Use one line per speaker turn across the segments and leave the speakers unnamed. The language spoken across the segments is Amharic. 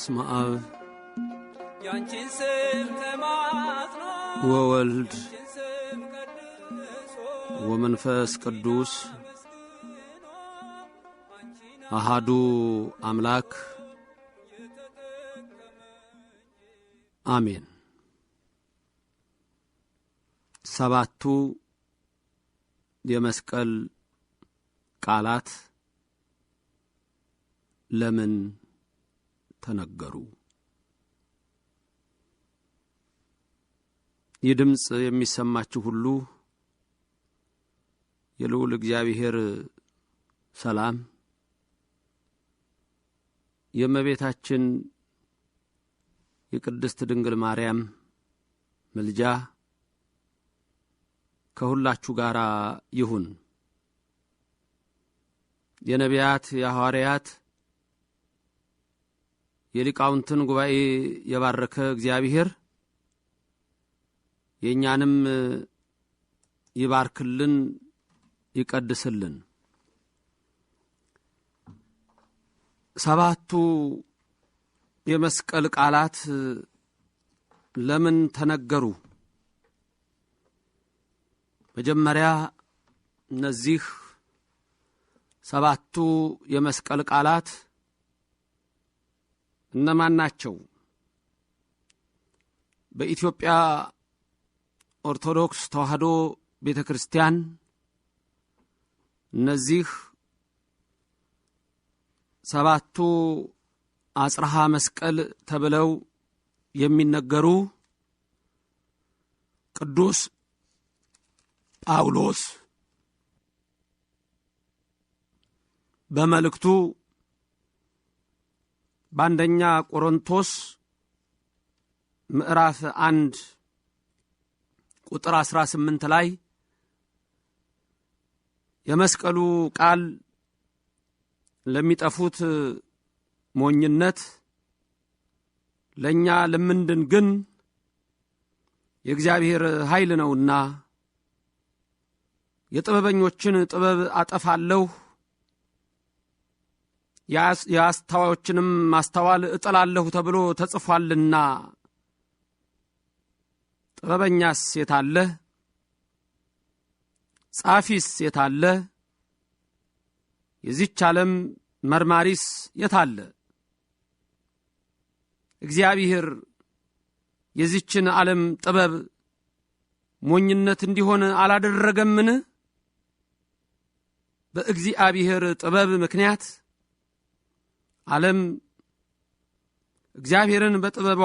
በስመ አብ ወወልድ ወመንፈስ ቅዱስ አሃዱ አምላክ አሜን። ሰባቱ የመስቀል ቃላት ለምን ተነገሩ። ይህ ድምፅ የሚሰማችሁ ሁሉ የልዑል እግዚአብሔር ሰላም የእመቤታችን የቅድስት ድንግል ማርያም ምልጃ ከሁላችሁ ጋር ይሁን። የነቢያት፣ የሐዋርያት፣ የሊቃውንትን ጉባኤ የባረከ እግዚአብሔር የእኛንም ይባርክልን፣ ይቀድስልን። ሰባቱ የመስቀል ቃላት ለምን ተነገሩ? መጀመሪያ እነዚህ ሰባቱ የመስቀል ቃላት እነማን ናቸው? በኢትዮጵያ ኦርቶዶክስ ተዋሕዶ ቤተ ክርስቲያን እነዚህ ሰባቱ አጽርሃ መስቀል ተብለው የሚነገሩ ቅዱስ ጳውሎስ በመልእክቱ በአንደኛ ቆሮንቶስ ምዕራፍ አንድ ቁጥር አስራ ስምንት ላይ የመስቀሉ ቃል ለሚጠፉት ሞኝነት ለእኛ ለምንድን ግን የእግዚአብሔር ኃይል ነውና የጥበበኞችን ጥበብ አጠፋለሁ የአስተዋዮችንም ማስተዋል እጠላለሁ ተብሎ ተጽፏልና ጥበበኛስ የታለ? ጻፊስ የታለ? የዚች ዓለም መርማሪስ የታለ? እግዚአብሔር የዚችን ዓለም ጥበብ ሞኝነት እንዲሆን አላደረገምን? በእግዚአብሔር ጥበብ ምክንያት ዓለም እግዚአብሔርን በጥበቧ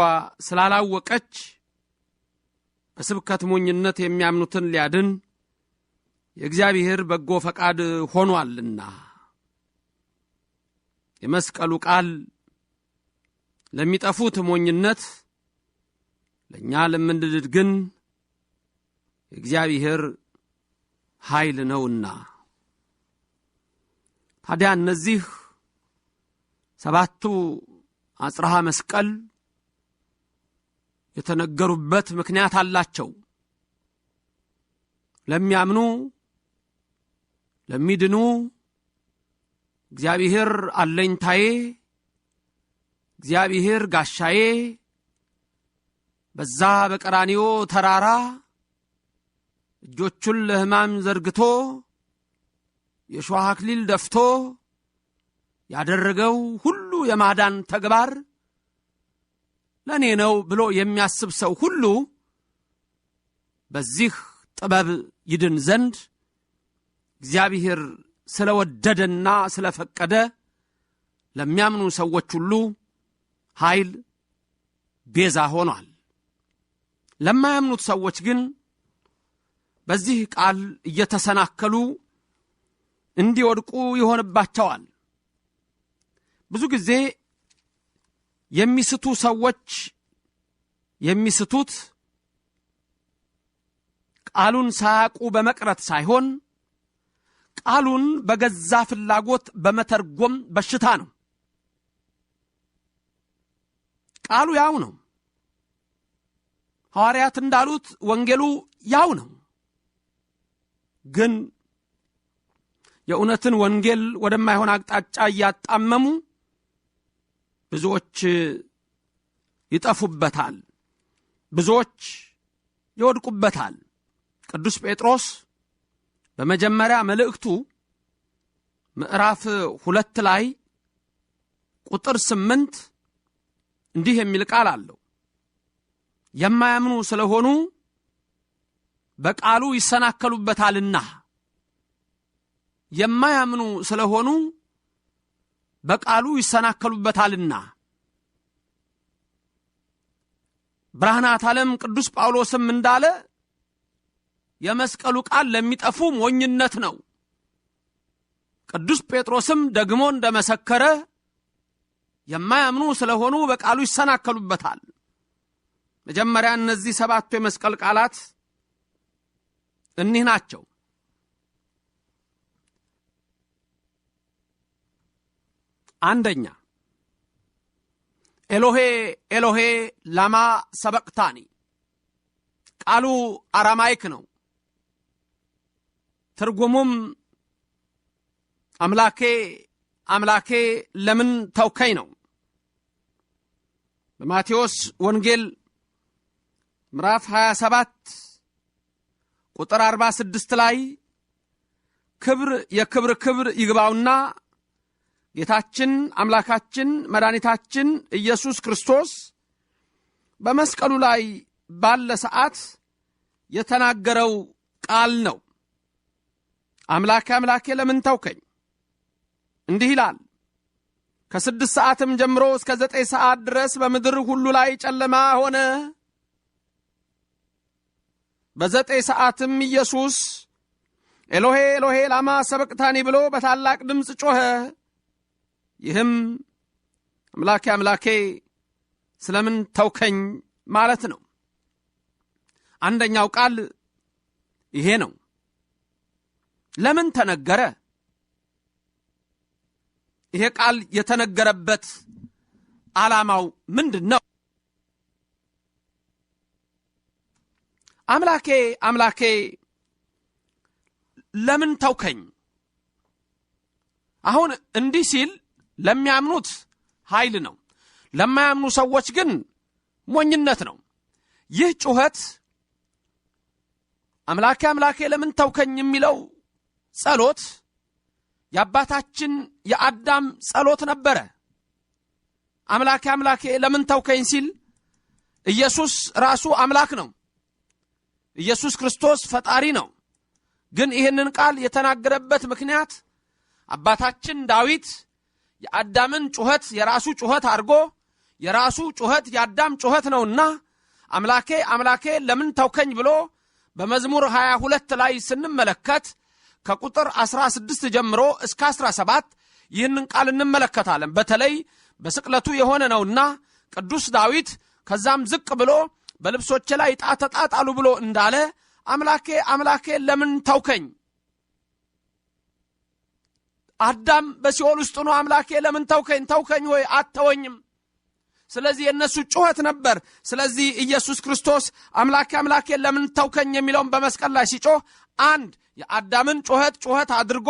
ስላላወቀች በስብከት ሞኝነት የሚያምኑትን ሊያድን የእግዚአብሔር በጎ ፈቃድ ሆኗልና የመስቀሉ ቃል ለሚጠፉት ሞኝነት ለእኛ ለምንድድድ ግን የእግዚአብሔር ኃይል ነውና ታዲያ እነዚህ ሰባቱ አጽርሃ መስቀል የተነገሩበት ምክንያት አላቸው። ለሚያምኑ ለሚድኑ እግዚአብሔር አለኝታዬ፣ እግዚአብሔር ጋሻዬ፣ በዛ በቀራኒዮ ተራራ እጆቹን ለሕማም ዘርግቶ የእሾህ አክሊል ደፍቶ ያደረገው ሁሉ የማዳን ተግባር ለእኔ ነው ብሎ የሚያስብ ሰው ሁሉ በዚህ ጥበብ ይድን ዘንድ እግዚአብሔር ስለ ወደደና ስለ ፈቀደ ለሚያምኑ ሰዎች ሁሉ ኃይል ቤዛ ሆኗል። ለማያምኑት ሰዎች ግን በዚህ ቃል እየተሰናከሉ እንዲወድቁ ይሆንባቸዋል። ብዙ ጊዜ የሚስቱ ሰዎች የሚስቱት ቃሉን ሳያቁ በመቅረት ሳይሆን ቃሉን በገዛ ፍላጎት በመተርጎም በሽታ ነው። ቃሉ ያው ነው። ሐዋርያት እንዳሉት ወንጌሉ ያው ነው። ግን የእውነትን ወንጌል ወደማይሆን አቅጣጫ እያጣመሙ ብዙዎች ይጠፉበታል፣ ብዙዎች ይወድቁበታል። ቅዱስ ጴጥሮስ በመጀመሪያ መልእክቱ ምዕራፍ ሁለት ላይ ቁጥር ስምንት እንዲህ የሚል ቃል አለው። የማያምኑ ስለሆኑ በቃሉ ይሰናከሉበታልና የማያምኑ ስለሆኑ በቃሉ ይሰናከሉበታልና ብርሃናት ዓለም ቅዱስ ጳውሎስም እንዳለ የመስቀሉ ቃል ለሚጠፉ ሞኝነት ነው። ቅዱስ ጴጥሮስም ደግሞ እንደመሰከረ የማያምኑ ስለሆኑ በቃሉ ይሰናከሉበታል። መጀመሪያ እነዚህ ሰባቱ የመስቀል ቃላት እኒህ ናቸው። አንደኛ ኤሎሄ ኤሎሄ ላማ ሰበቅታኒ ቃሉ አራማይክ ነው። ትርጉሙም አምላኬ አምላኬ ለምን ተውከኝ ነው። በማቴዎስ ወንጌል ምዕራፍ 27 ቁጥር 46 ላይ ክብር የክብር ክብር ይግባውና ጌታችን አምላካችን መድኃኒታችን ኢየሱስ ክርስቶስ በመስቀሉ ላይ ባለ ሰዓት የተናገረው ቃል ነው። አምላኬ አምላኬ ለምን ተውከኝ? እንዲህ ይላል። ከስድስት ሰዓትም ጀምሮ እስከ ዘጠኝ ሰዓት ድረስ በምድር ሁሉ ላይ ጨለማ ሆነ። በዘጠኝ ሰዓትም ኢየሱስ ኤሎሄ ኤሎሄ ላማ ሰበቅታኒ ብሎ በታላቅ ድምፅ ጮኸ። ይህም አምላኬ አምላኬ ስለምን ተውከኝ ማለት ነው። አንደኛው ቃል ይሄ ነው። ለምን ተነገረ? ይሄ ቃል የተነገረበት ዓላማው ምንድን ነው? አምላኬ አምላኬ ለምን ተውከኝ? አሁን እንዲህ ሲል ለሚያምኑት ኃይል ነው፣ ለማያምኑ ሰዎች ግን ሞኝነት ነው። ይህ ጩኸት አምላኬ አምላኬ ለምን ተውከኝ የሚለው ጸሎት የአባታችን የአዳም ጸሎት ነበረ። አምላኬ አምላኬ ለምን ተውከኝ ሲል ኢየሱስ ራሱ አምላክ ነው። ኢየሱስ ክርስቶስ ፈጣሪ ነው። ግን ይህንን ቃል የተናገረበት ምክንያት አባታችን ዳዊት የአዳምን ጩኸት የራሱ ጩኸት አድርጎ የራሱ ጩኸት የአዳም ጩኸት ነውና አምላኬ አምላኬ ለምን ተውከኝ ብሎ በመዝሙር 22 ላይ ስንመለከት ከቁጥር 16 ጀምሮ እስከ 17 ይህንን ቃል እንመለከታለን። በተለይ በስቅለቱ የሆነ ነውና ቅዱስ ዳዊት ከዛም ዝቅ ብሎ በልብሶቼ ላይ ዕጣ ተጣጣሉ ብሎ እንዳለ አምላኬ አምላኬ ለምን ተውከኝ አዳም በሲኦል ውስጥ ነው። አምላኬ ለምን ተውከኝ ተውከኝ ሆይ አተወኝም ስለዚህ የእነሱ ጩኸት ነበር ስለዚህ ኢየሱስ ክርስቶስ አምላኬ አምላኬ ለምን ተውከኝ የሚለውን በመስቀል ላይ ሲጮህ አንድ የአዳምን ጩኸት ጩኸት አድርጎ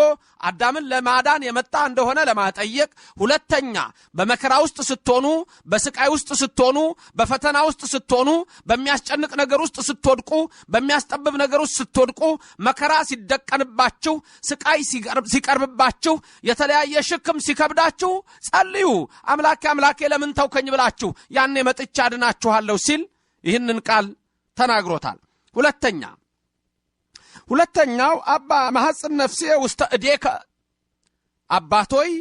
አዳምን ለማዳን የመጣ እንደሆነ ለማጠየቅ፣ ሁለተኛ በመከራ ውስጥ ስትሆኑ፣ በስቃይ ውስጥ ስትሆኑ፣ በፈተና ውስጥ ስትሆኑ፣ በሚያስጨንቅ ነገር ውስጥ ስትወድቁ፣ በሚያስጠብብ ነገር ውስጥ ስትወድቁ፣ መከራ ሲደቀንባችሁ፣ ስቃይ ሲቀርብባችሁ፣ የተለያየ ሽክም ሲከብዳችሁ ጸልዩ። አምላኬ አምላኬ ለምን ተውከኝ ብላችሁ ያኔ መጥቻ አድናችኋለሁ ሲል ይህንን ቃል ተናግሮታል። ሁለተኛ ሁለተኛው አባ ማሐፅን ነፍሴ ውስተ እዴከ አባቶይ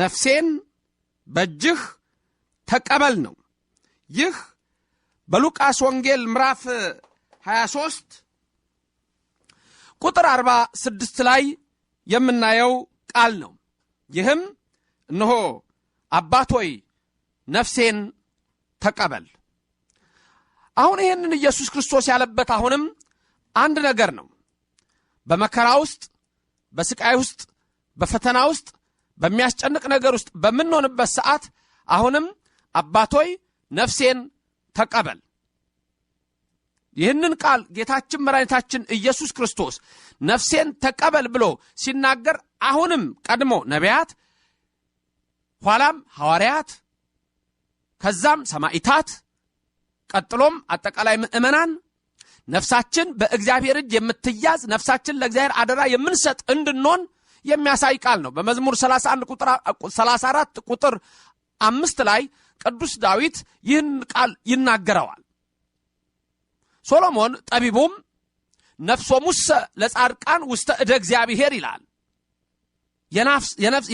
ነፍሴን በእጅህ ተቀበል ነው። ይህ በሉቃስ ወንጌል ምዕራፍ 23 ቁጥር 46 ላይ የምናየው ቃል ነው። ይህም እነሆ አባቶይ ነፍሴን ተቀበል። አሁን ይህንን ኢየሱስ ክርስቶስ ያለበት አሁንም አንድ ነገር ነው። በመከራ ውስጥ፣ በስቃይ ውስጥ፣ በፈተና ውስጥ፣ በሚያስጨንቅ ነገር ውስጥ በምንሆንበት ሰዓት አሁንም አባቶይ ነፍሴን ተቀበል ይህንን ቃል ጌታችን መድኃኒታችን ኢየሱስ ክርስቶስ ነፍሴን ተቀበል ብሎ ሲናገር አሁንም ቀድሞ ነቢያት፣ ኋላም ሐዋርያት፣ ከዛም ሰማዕታት፣ ቀጥሎም አጠቃላይ ምእመናን ነፍሳችን በእግዚአብሔር እጅ የምትያዝ ነፍሳችን ለእግዚአብሔር አደራ የምንሰጥ እንድንሆን የሚያሳይ ቃል ነው በመዝሙር 34 ቁጥር አምስት ላይ ቅዱስ ዳዊት ይህን ቃል ይናገረዋል ሶሎሞን ጠቢቡም ነፍሶ ውሰ ለጻድቃን ውስተ እደ እግዚአብሔር ይላል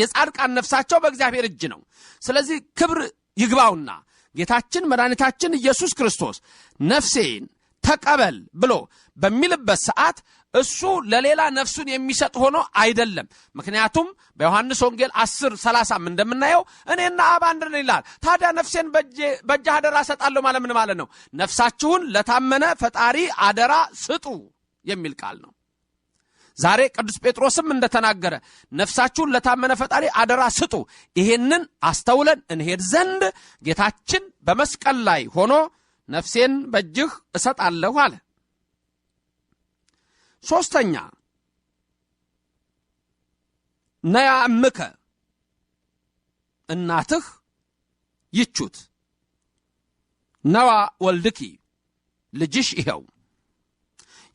የጻድቃን ነፍሳቸው በእግዚአብሔር እጅ ነው ስለዚህ ክብር ይግባውና ጌታችን መድኃኒታችን ኢየሱስ ክርስቶስ ነፍሴን ተቀበል ብሎ በሚልበት ሰዓት እሱ ለሌላ ነፍሱን የሚሰጥ ሆኖ አይደለም። ምክንያቱም በዮሐንስ ወንጌል 10 30 እንደምናየው እኔና አብ አንድ ነን ይላል። ታዲያ ነፍሴን በእጅ አደራ ሰጣለሁ ማለት ምን ማለት ነው? ነፍሳችሁን ለታመነ ፈጣሪ አደራ ስጡ የሚል ቃል ነው። ዛሬ ቅዱስ ጴጥሮስም እንደተናገረ ነፍሳችሁን ለታመነ ፈጣሪ አደራ ስጡ። ይሄንን አስተውለን እንሄድ ዘንድ ጌታችን በመስቀል ላይ ሆኖ ነፍሴን በእጅህ እሰጣለሁ አለ። ሦስተኛ ነያ እምከ እናትህ ይቹት ነዋ ወልድኪ ልጅሽ ይኸው።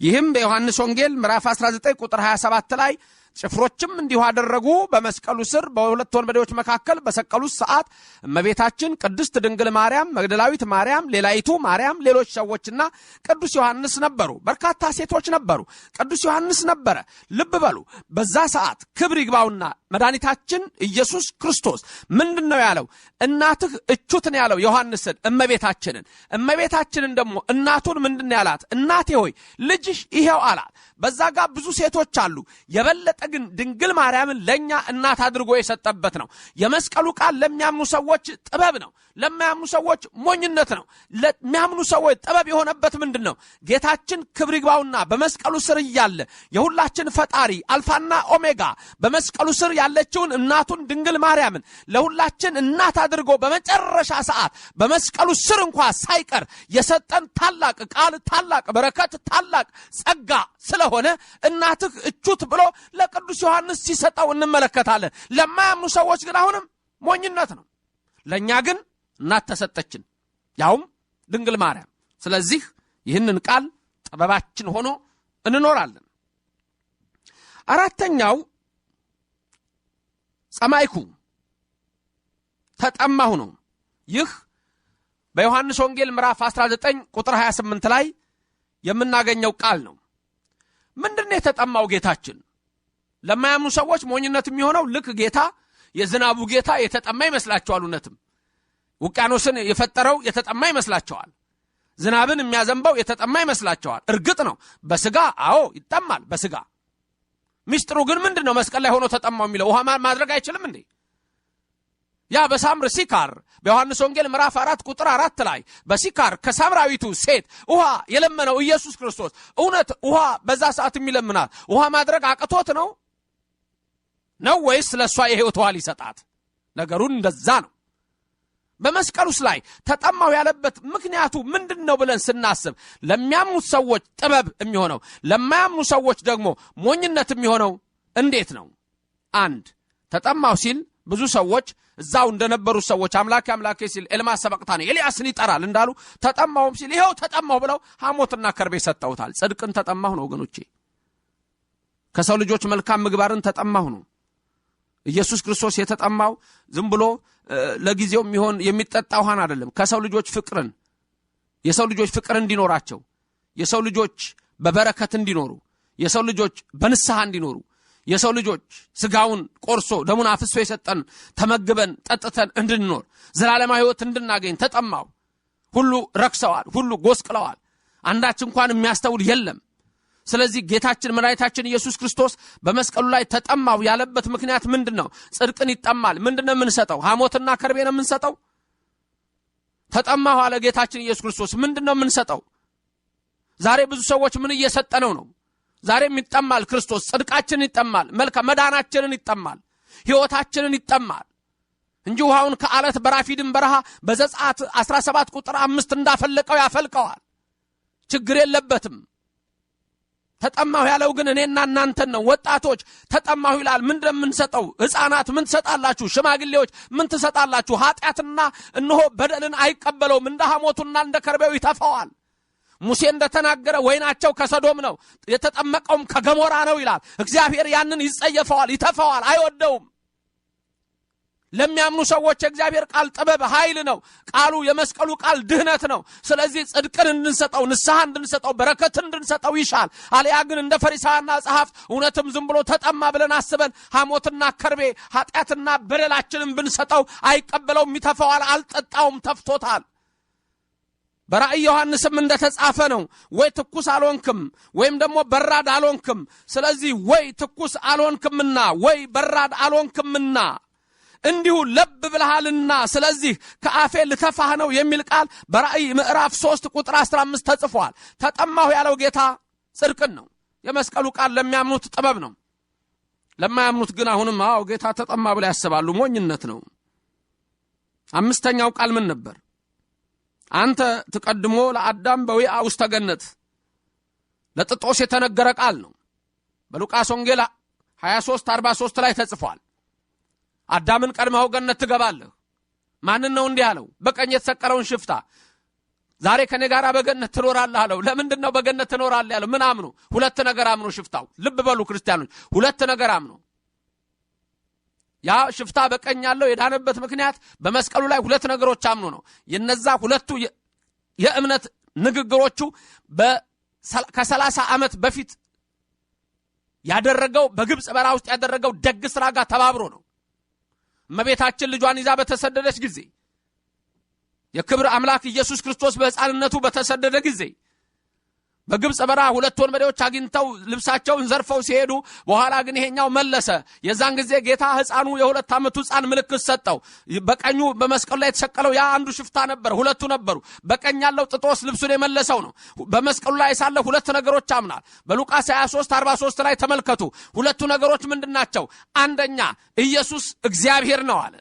ይህም በዮሐንስ ወንጌል ምዕራፍ 19 ቁጥር 27 ላይ ጭፍሮችም እንዲሁ አደረጉ። በመስቀሉ ስር በሁለት ወንበዴዎች መካከል በሰቀሉት ሰዓት እመቤታችን፣ ቅድስት ድንግል ማርያም፣ መግደላዊት ማርያም፣ ሌላይቱ ማርያም፣ ሌሎች ሰዎችና ቅዱስ ዮሐንስ ነበሩ። በርካታ ሴቶች ነበሩ። ቅዱስ ዮሐንስ ነበረ። ልብ በሉ። በዛ ሰዓት ክብር ይግባውና መድኃኒታችን ኢየሱስ ክርስቶስ ምንድን ነው ያለው? እናትህ እቹትን ያለው ዮሐንስን እመቤታችንን። እመቤታችንን ደግሞ እናቱን ምንድን ያላት? እናቴ ሆይ ልጅሽ ይሄው አላት። በዛ ጋር ብዙ ሴቶች አሉ። የበለጠ ግን ድንግል ማርያምን ለእኛ እናት አድርጎ የሰጠበት ነው። የመስቀሉ ቃል ለሚያምኑ ሰዎች ጥበብ ነው፣ ለማያምኑ ሰዎች ሞኝነት ነው። ለሚያምኑ ሰዎች ጥበብ የሆነበት ምንድን ነው? ጌታችን ክብር ይግባውና በመስቀሉ ስር እያለ የሁላችን ፈጣሪ አልፋና ኦሜጋ በመስቀሉ ስር ያለችውን እናቱን ድንግል ማርያምን ለሁላችን እናት አድርጎ በመጨረሻ ሰዓት በመስቀሉ ስር እንኳ ሳይቀር የሰጠን ታላቅ ቃል፣ ታላቅ በረከት፣ ታላቅ ጸጋ ስለሆነ እናትህ እቹት ብሎ ለቅዱስ ዮሐንስ ሲሰጠው እንመለከታለን። ለማያምኑ ሰዎች ግን አሁንም ሞኝነት ነው። ለእኛ ግን እናት ተሰጠችን፣ ያውም ድንግል ማርያም። ስለዚህ ይህንን ቃል ጥበባችን ሆኖ እንኖራለን። አራተኛው ጸማይኩ ተጠማሁ ነው። ይህ በዮሐንስ ወንጌል ምዕራፍ 19 ቁጥር 28 ላይ የምናገኘው ቃል ነው። ምንድን ነው የተጠማው ጌታችን? ለማያምኑ ሰዎች ሞኝነት የሚሆነው ልክ ጌታ የዝናቡ ጌታ የተጠማ ይመስላቸዋል። እውነትም ውቅያኖስን የፈጠረው የተጠማ ይመስላቸዋል። ዝናብን የሚያዘንበው የተጠማ ይመስላቸዋል። እርግጥ ነው በስጋ አዎ ይጠማል በስጋ ሚስጥሩ ግን ምንድን ነው? መስቀል ላይ ሆኖ ተጠማው የሚለው ውሃ ማድረግ አይችልም እንዴ? ያ በሳምር ሲካር በዮሐንስ ወንጌል ምዕራፍ አራት ቁጥር አራት ላይ በሲካር ከሳምራዊቱ ሴት ውሃ የለመነው ኢየሱስ ክርስቶስ እውነት ውሃ በዛ ሰዓት የሚለምናት ውሃ ማድረግ አቅቶት ነው ነው ወይስ ለእሷ የህይወት ውሃ ሊሰጣት? ነገሩን እንደዛ ነው። በመስቀሉስ ላይ ተጠማው ያለበት ምክንያቱ ምንድን ነው ብለን ስናስብ ለሚያምኑት ሰዎች ጥበብ የሚሆነው ለማያምኑ ሰዎች ደግሞ ሞኝነት የሚሆነው እንዴት ነው አንድ ተጠማው ሲል ብዙ ሰዎች እዛው እንደነበሩ ሰዎች አምላኬ አምላኬ ሲል ኤልማስ ሰበቅታ ነው ኤልያስን ይጠራል እንዳሉ ተጠማውም ሲል ይኸው ተጠማሁ ብለው ሐሞትና ከርቤ ሰጠውታል ጽድቅን ተጠማሁ ነው ወገኖቼ ከሰው ልጆች መልካም ምግባርን ተጠማሁ ነው ኢየሱስ ክርስቶስ የተጠማው ዝም ብሎ ለጊዜው የሚሆን የሚጠጣ ውሃን አይደለም። ከሰው ልጆች ፍቅርን የሰው ልጆች ፍቅር እንዲኖራቸው የሰው ልጆች በበረከት እንዲኖሩ የሰው ልጆች በንስሐ እንዲኖሩ የሰው ልጆች ስጋውን ቆርሶ ደሙን አፍሶ የሰጠን ተመግበን ጠጥተን እንድንኖር ዘላለማ ህይወት እንድናገኝ ተጠማው። ሁሉ ረክሰዋል፣ ሁሉ ጎስቅለዋል፣ አንዳች እንኳን የሚያስተውል የለም። ስለዚህ ጌታችን መድኃኒታችን ኢየሱስ ክርስቶስ በመስቀሉ ላይ ተጠማው ያለበት ምክንያት ምንድን ነው? ጽድቅን ይጠማል። ምንድን ነው የምንሰጠው? ሐሞትና ከርቤ ነው የምንሰጠው። ተጠማሁ አለ ጌታችን ኢየሱስ ክርስቶስ። ምንድን ነው የምንሰጠው? ዛሬ ብዙ ሰዎች ምን እየሰጠነው ነው? ዛሬም ይጠማል ክርስቶስ። ጽድቃችንን ይጠማል፣ መልካ መዳናችንን ይጠማል፣ ሕይወታችንን ይጠማል እንጂ ውሃውን ከአለት በራፊድን በረሃ በዘጸአት 17 ቁጥር አምስት እንዳፈለቀው ያፈልቀዋል። ችግር የለበትም። ተጠማሁ ያለው ግን እኔና እናንተን ነው። ወጣቶች ተጠማሁ ይላል። ምን እንደምንሰጠው ሕፃናት ምን ትሰጣላችሁ? ሽማግሌዎች ምን ትሰጣላችሁ? ኃጢአትና እነሆ በደልን አይቀበለውም። እንደ ሐሞቱና እንደ ከርቤው ይተፋዋል። ሙሴ እንደተናገረ ወይናቸው ከሰዶም ነው፣ የተጠመቀውም ከገሞራ ነው ይላል። እግዚአብሔር ያንን ይጸየፈዋል፣ ይተፋዋል፣ አይወደውም። ለሚያምኑ ሰዎች የእግዚአብሔር ቃል ጥበብ ኃይል ነው። ቃሉ የመስቀሉ ቃል ድህነት ነው። ስለዚህ ጽድቅን እንድንሰጠው፣ ንስሐ እንድንሰጠው፣ በረከትን እንድንሰጠው ይሻል። አሊያ ግን እንደ ፈሪሳውያንና ጸሐፍት እውነትም ዝም ብሎ ተጠማ ብለን አስበን ሐሞትና ከርቤ ኃጢአትና በደላችንን ብንሰጠው አይቀበለውም፣ ይተፋዋል። አልጠጣውም፣ ተፍቶታል። በራእይ ዮሐንስም እንደተጻፈ ነው። ወይ ትኩስ አልሆንክም ወይም ደግሞ በራድ አልሆንክም። ስለዚህ ወይ ትኩስ አልሆንክምና ወይ በራድ አልሆንክምና እንዲሁ ለብ ብለሃልና ስለዚህ ከአፌ ልተፋህ ነው የሚል ቃል በራእይ ምዕራፍ 3 ቁጥር 15 ተጽፏል። ተጠማሁ ያለው ጌታ ጽድቅን ነው። የመስቀሉ ቃል ለሚያምኑት ጥበብ ነው። ለማያምኑት ግን አሁንም አዎ ጌታ ተጠማ ብለው ያስባሉ። ሞኝነት ነው። አምስተኛው ቃል ምን ነበር? አንተ ትቀድሞ ለአዳም በዊአ ውስተ ገነት ለጥጦስ የተነገረ ቃል ነው። በሉቃስ ወንጌል 23 43 ላይ ተጽፏል። አዳምን ቀድመኸው ገነት ትገባለህ። ማንን ነው እንዲህ አለው? በቀኝ የተሰቀለውን ሽፍታ። ዛሬ ከኔ ጋር በገነት ትኖራለህ አለው። ለምንድን ነው በገነት ትኖራለህ ያለው? ምን አምኖ? ሁለት ነገር አምኖ ሽፍታው። ልብ በሉ ክርስቲያኖች፣ ሁለት ነገር አምኖ ያ ሽፍታ በቀኝ ያለው የዳነበት ምክንያት በመስቀሉ ላይ ሁለት ነገሮች አምኖ ነው። የነዛ ሁለቱ የእምነት ንግግሮቹ ከሰላሳ ዓመት በፊት ያደረገው በግብፅ በረሃ ውስጥ ያደረገው ደግ ስራ ጋር ተባብሮ ነው። እመቤታችን ልጇን ይዛ በተሰደደች ጊዜ የክብር አምላክ ኢየሱስ ክርስቶስ በሕፃንነቱ በተሰደደ ጊዜ በግብፅ በረሃ ሁለት ወንበዴዎች አግኝተው ልብሳቸውን ዘርፈው ሲሄዱ በኋላ ግን ይሄኛው መለሰ። የዛን ጊዜ ጌታ ሕፃኑ የሁለት ዓመቱ ሕፃን ምልክት ሰጠው። በቀኙ በመስቀሉ ላይ የተሰቀለው ያ አንዱ ሽፍታ ነበር፣ ሁለቱ ነበሩ። በቀኝ ያለው ጥጦስ ልብሱን የመለሰው ነው። በመስቀሉ ላይ ሳለ ሁለት ነገሮች አምናል። በሉቃስ 23 43 ላይ ተመልከቱ። ሁለቱ ነገሮች ምንድናቸው? አንደኛ ኢየሱስ እግዚአብሔር ነው አለ።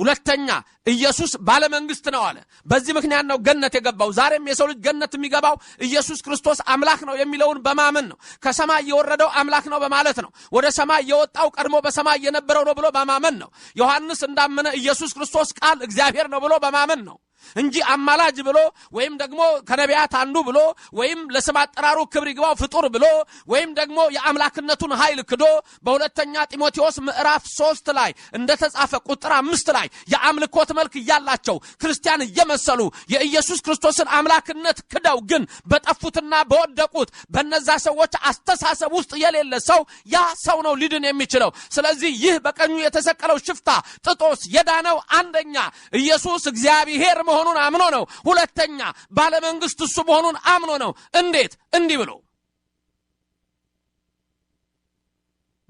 ሁለተኛ ኢየሱስ ባለመንግስት ነው አለ። በዚህ ምክንያት ነው ገነት የገባው። ዛሬም የሰው ልጅ ገነት የሚገባው ኢየሱስ ክርስቶስ አምላክ ነው የሚለውን በማመን ነው። ከሰማይ የወረደው አምላክ ነው በማለት ነው። ወደ ሰማይ የወጣው ቀድሞ በሰማይ የነበረው ነው ብሎ በማመን ነው። ዮሐንስ እንዳመነ ኢየሱስ ክርስቶስ ቃል እግዚአብሔር ነው ብሎ በማመን ነው። እንጂ አማላጅ ብሎ ወይም ደግሞ ከነቢያት አንዱ ብሎ ወይም ለስም አጠራሩ ክብር ይግባው ፍጡር ብሎ ወይም ደግሞ የአምላክነቱን ኃይል ክዶ በሁለተኛ ጢሞቴዎስ ምዕራፍ ሶስት ላይ እንደተጻፈ ቁጥር አምስት ላይ የአምልኮት መልክ እያላቸው ክርስቲያን እየመሰሉ የኢየሱስ ክርስቶስን አምላክነት ክደው ግን በጠፉትና በወደቁት በነዛ ሰዎች አስተሳሰብ ውስጥ የሌለ ሰው ያ ሰው ነው ሊድን የሚችለው ስለዚህ ይህ በቀኙ የተሰቀለው ሽፍታ ጥጦስ የዳነው አንደኛ ኢየሱስ እግዚአብሔር መሆኑን አምኖ ነው። ሁለተኛ ባለመንግስት እሱ መሆኑን አምኖ ነው። እንዴት? እንዲህ ብሎ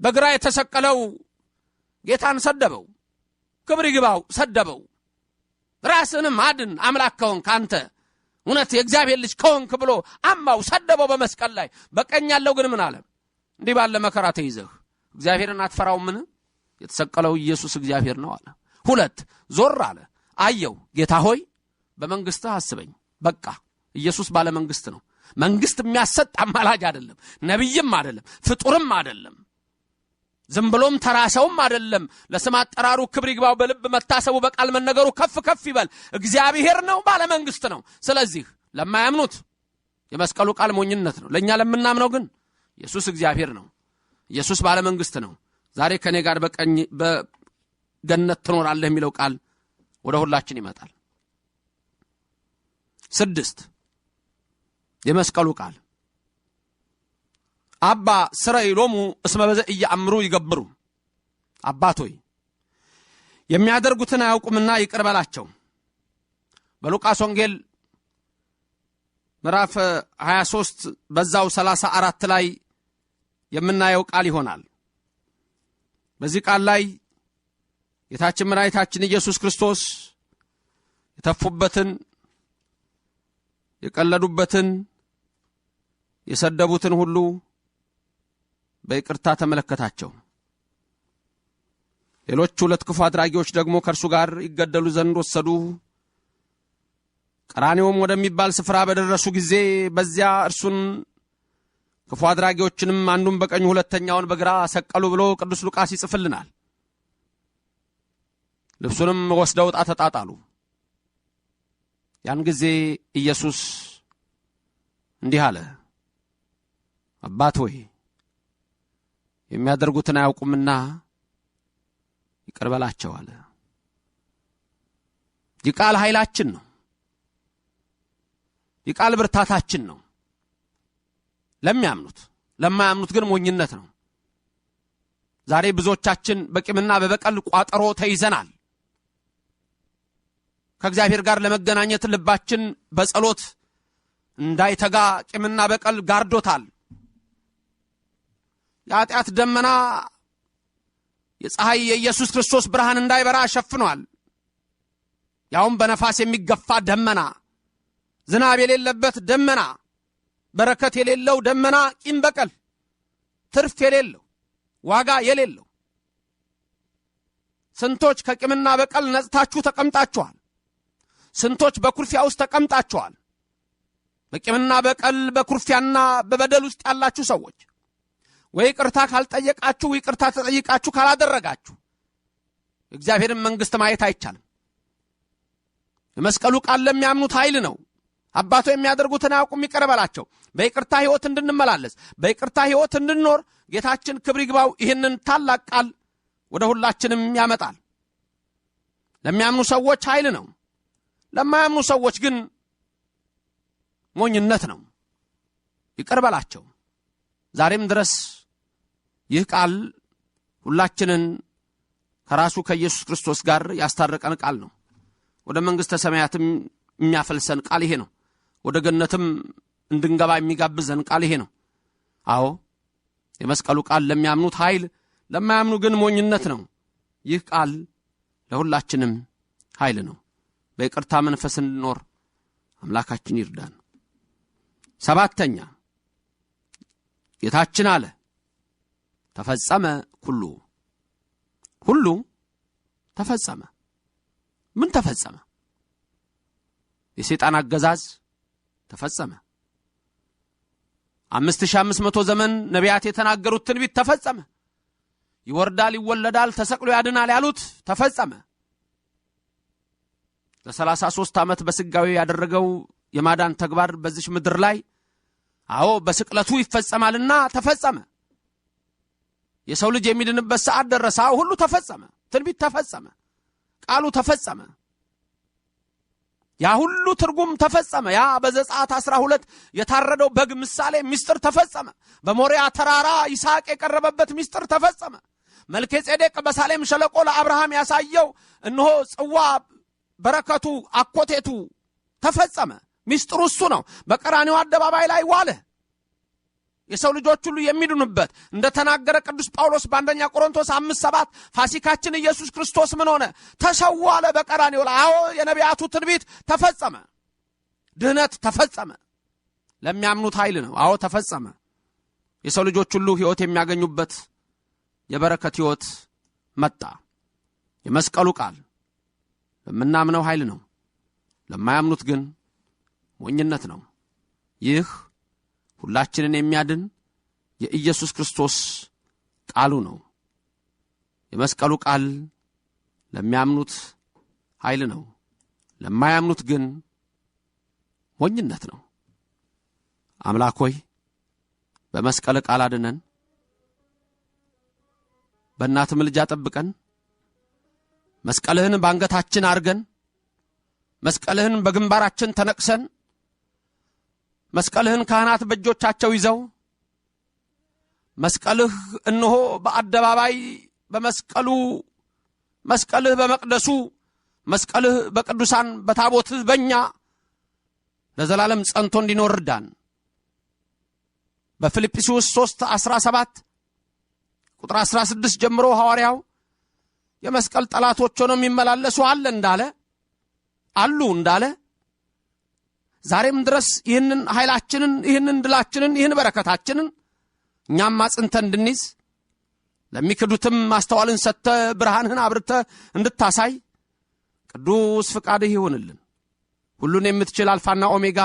በግራ የተሰቀለው ጌታን ሰደበው። ክብር ይግባው፣ ሰደበው። ራስንም አድን አምላክ ከሆንክ አንተ እውነት የእግዚአብሔር ልጅ ከሆንክ ብሎ አማው፣ ሰደበው በመስቀል ላይ። በቀኝ ያለው ግን ምን አለ? እንዲህ ባለ መከራ ተይዘህ እግዚአብሔርን ምን? የተሰቀለው ኢየሱስ እግዚአብሔር ነው አለ። ሁለት ዞር አለ፣ አየው። ጌታ ሆይ በመንግሥትህ አስበኝ። በቃ ኢየሱስ ባለ መንግሥት ነው። መንግሥት የሚያሰጥ አማላጅ አይደለም፣ ነቢይም አይደለም፣ ፍጡርም አይደለም፣ ዝም ብሎም ተራ ሰውም አይደለም። ለስም አጠራሩ ክብር ይግባው። በልብ መታሰቡ በቃል መነገሩ ከፍ ከፍ ይበል። እግዚአብሔር ነው፣ ባለመንግሥት ነው። ስለዚህ ለማያምኑት የመስቀሉ ቃል ሞኝነት ነው። ለእኛ ለምናምነው ግን ኢየሱስ እግዚአብሔር ነው። ኢየሱስ ባለመንግሥት ነው። ዛሬ ከእኔ ጋር በቀኝ በገነት ትኖራለህ የሚለው ቃል ወደ ሁላችን ይመጣል። ስድስት የመስቀሉ ቃል አባ ስረይ ሎሙ እስመ በዘ እያአምሩ ይገብሩ አባቶይ የሚያደርጉትን አያውቁምና ይቅር በላቸው። በሉቃስ ወንጌል ምዕራፍ 23 በዛው 34 ላይ የምናየው ቃል ይሆናል። በዚህ ቃል ላይ ጌታችን መድኃኒታችን ኢየሱስ ክርስቶስ የተፉበትን የቀለዱበትን የሰደቡትን ሁሉ በይቅርታ ተመለከታቸው። ሌሎች ሁለት ክፉ አድራጊዎች ደግሞ ከእርሱ ጋር ይገደሉ ዘንድ ወሰዱ። ቀራኔውም ወደሚባል ስፍራ በደረሱ ጊዜ በዚያ እርሱን ክፉ አድራጊዎችንም አንዱን በቀኙ ሁለተኛውን በግራ ሰቀሉ ብሎ ቅዱስ ሉቃስ ይጽፍልናል። ልብሱንም ወስደው ዕጣ ተጣጣሉ። ያን ጊዜ ኢየሱስ እንዲህ አለ፣ አባት ሆይ የሚያደርጉትን አያውቁምና ይቅር በላቸው አለ። ይህ ቃል ኃይላችን ነው። ይህ ቃል ብርታታችን ነው። ለሚያምኑት ለማያምኑት ግን ሞኝነት ነው። ዛሬ ብዙዎቻችን በቂምና በበቀል ቋጠሮ ተይዘናል። ከእግዚአብሔር ጋር ለመገናኘት ልባችን በጸሎት እንዳይተጋ ቂምና በቀል ጋርዶታል። የኃጢአት ደመና የፀሐይ የኢየሱስ ክርስቶስ ብርሃን እንዳይበራ ሸፍኗል። ያውም በነፋስ የሚገፋ ደመና፣ ዝናብ የሌለበት ደመና፣ በረከት የሌለው ደመና፣ ቂም በቀል ትርፍ የሌለው ዋጋ የሌለው ስንቶች ከቂምና በቀል ነጽታችሁ ተቀምጣችኋል። ስንቶች በኩርፊያ ውስጥ ተቀምጣችኋል። በቂምና በቀል በኩርፊያና በበደል ውስጥ ያላችሁ ሰዎች ወይ ይቅርታ ካልጠየቃችሁ ይቅርታ ተጠይቃችሁ ካላደረጋችሁ እግዚአብሔርን መንግሥት ማየት አይቻልም። የመስቀሉ ቃል ለሚያምኑት ኃይል ነው። አባቶ የሚያደርጉትን አያውቁም፣ ይቅር በላቸው። በይቅርታ ሕይወት እንድንመላለስ በይቅርታ ሕይወት እንድንኖር ጌታችን ክብር ይግባው ይህንን ታላቅ ቃል ወደ ሁላችንም ያመጣል። ለሚያምኑ ሰዎች ኃይል ነው። ለማያምኑ ሰዎች ግን ሞኝነት ነው ይቅርበላቸው ዛሬም ድረስ ይህ ቃል ሁላችንን ከራሱ ከኢየሱስ ክርስቶስ ጋር ያስታረቀን ቃል ነው ወደ መንግሥተ ሰማያትም የሚያፈልሰን ቃል ይሄ ነው ወደ ገነትም እንድንገባ የሚጋብዘን ቃል ይሄ ነው አዎ የመስቀሉ ቃል ለሚያምኑት ኃይል ለማያምኑ ግን ሞኝነት ነው ይህ ቃል ለሁላችንም ኃይል ነው በይቅርታ መንፈስ እንድኖር አምላካችን ይርዳን። ሰባተኛ ጌታችን አለ ተፈጸመ ኩሉ ሁሉ ተፈጸመ። ምን ተፈጸመ? የሰይጣን አገዛዝ ተፈጸመ። አምስት ሺህ አምስት መቶ ዘመን ነቢያት የተናገሩት ትንቢት ተፈጸመ። ይወርዳል፣ ይወለዳል፣ ተሰቅሎ ያድናል ያሉት ተፈጸመ። ለ33 ዓመት በስጋዊ ያደረገው የማዳን ተግባር በዚች ምድር ላይ አዎ በስቅለቱ ይፈጸማልና ተፈጸመ። የሰው ልጅ የሚድንበት ሰዓት ደረሰ። ሁሉ ተፈጸመ። ትንቢት ተፈጸመ። ቃሉ ተፈጸመ። ያ ሁሉ ትርጉም ተፈጸመ። ያ በዘጸአት አስራ ሁለት የታረደው በግ ምሳሌ ሚስጥር ተፈጸመ። በሞሪያ ተራራ ይስሐቅ የቀረበበት ሚስጥር ተፈጸመ። መልኬ ጼዴቅ በሳሌም ሸለቆ ለአብርሃም ያሳየው እነሆ ጽዋ በረከቱ አኮቴቱ ተፈጸመ። ሚስጥሩ እሱ ነው። በቀራኒው አደባባይ ላይ ዋለ። የሰው ልጆች ሁሉ የሚድኑበት እንደተናገረ ቅዱስ ጳውሎስ በአንደኛ ቆሮንቶስ አምስት ሰባት ፋሲካችን ኢየሱስ ክርስቶስ ምን ሆነ? ተሰዋለ በቀራኒው ላይ። አዎ የነቢያቱ ትንቢት ተፈጸመ። ድህነት ተፈጸመ። ለሚያምኑት ኃይል ነው። አዎ ተፈጸመ። የሰው ልጆች ሁሉ ሕይወት የሚያገኙበት የበረከት ሕይወት መጣ። የመስቀሉ ቃል በምናምነው ኃይል ነው፣ ለማያምኑት ግን ሞኝነት ነው። ይህ ሁላችንን የሚያድን የኢየሱስ ክርስቶስ ቃሉ ነው። የመስቀሉ ቃል ለሚያምኑት ኃይል ነው፣ ለማያምኑት ግን ሞኝነት ነው። አምላክ ሆይ በመስቀል ቃል አድነን፣ በእናትም ልጅ አጠብቀን መስቀልህን በአንገታችን አርገን መስቀልህን በግንባራችን ተነቅሰን መስቀልህን ካህናት በእጆቻቸው ይዘው መስቀልህ እንሆ በአደባባይ በመስቀሉ መስቀልህ በመቅደሱ መስቀልህ በቅዱሳን በታቦትህ በእኛ ለዘላለም ጸንቶ እንዲኖር ርዳን በፊልጵስዩስ 3 17 ቁጥር 16 ጀምሮ ሐዋርያው የመስቀል ጠላቶች ሆነው የሚመላለሱ አለ እንዳለ አሉ እንዳለ ዛሬም ድረስ ይህንን ኃይላችንን ይህንን ድላችንን ይህን በረከታችንን እኛም አጽንተ እንድንይዝ ለሚክዱትም ማስተዋልን ሰጥተ ብርሃንህን አብርተ እንድታሳይ ቅዱስ ፍቃድህ ይሁንልን። ሁሉን የምትችል አልፋና ኦሜጋ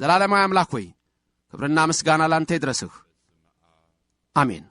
ዘላለማዊ አምላክ ሆይ ክብርና ምስጋና ላንተ ይድረስህ። አሜን።